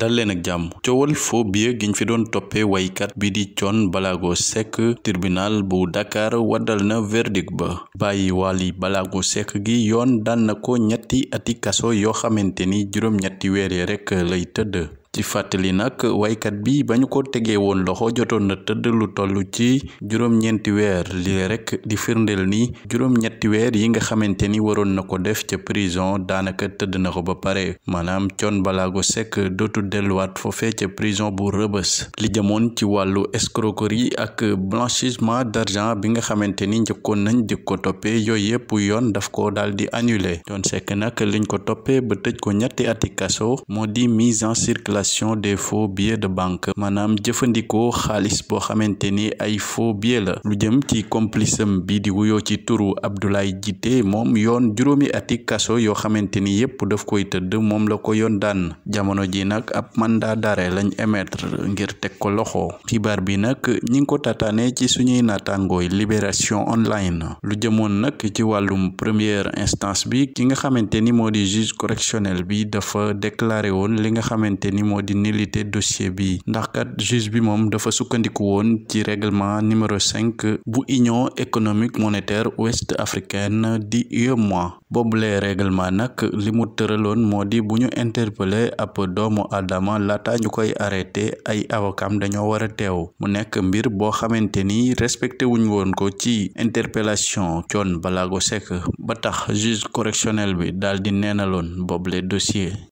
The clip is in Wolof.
dal leen ak jàmm coowal faux billet giñ fi doon toppee waykat bi di Thione Ballago Seck tribunal bu Dakar waddal na verdict ba bàyyi Wally Ballago Seck gi yoon daan na ko ñetti ati yoo xamante ni juróom-ñetti weer yi rekk lay tëdd ci fàttali nag waykat bi ba ñu ko tegee woon loxo jotoon na tëdd lu toll ci juróom-ñeenti weer lii rek di firndeel ni juróom-ñetti weer yi nga xamante ni waroon na ko def ca prison daanaka tëdd na ko ba pare maanaam Thione Ballago Seck dootu delluwaat foofee ca prison bu Rebeuss li jëmoon ci wàllu escroquerie ak blanchissement d'argent bi nga xamante ni njëkkoon nañ di ko toppee yooyu yëpp yoon daf ko dal di annulé Thione Seck nag liñ ko toppee ba tëj ko ñetti ati moo di utilisation des faux billets de banque maanaam jëfandikoo xaalis boo xamante ni ay faux billets la lu jëm ci complice am bi di wuyoo ci turu Abdoulaye Jité moom yoon juróomi atti kaso yoo xamante ni yépp daf koy tëdd moom la ko yoon daan jamono ji nag ab mandat d'arrêt lañ émettre ngir teg ko loxo xibaar bi nag ñi ngi ko tataane ci suñuy naataangooy libération online lu jëmoon nag ci wàllum première instance bi ki nga xamante ni moo di juge correctionnel bi dafa déclaré moo di nilité dossier bi ndax kat juge bi moom dafa sukkandiku woon ci réglement numéro cinq bu union économique monétaire ouest africaine di e moi boobulee règlement nag li mu tëraloon moo di bu ñu interpellé ab doomu aadama laata ñu koy arrêté ay avocam dañoo war a teew mu nekk mbir boo xamante ni respecté wuñ woon ko ci interpellation coon balaago sekk ba tax juge correctionnel bi daal di neenaloon boobule dossier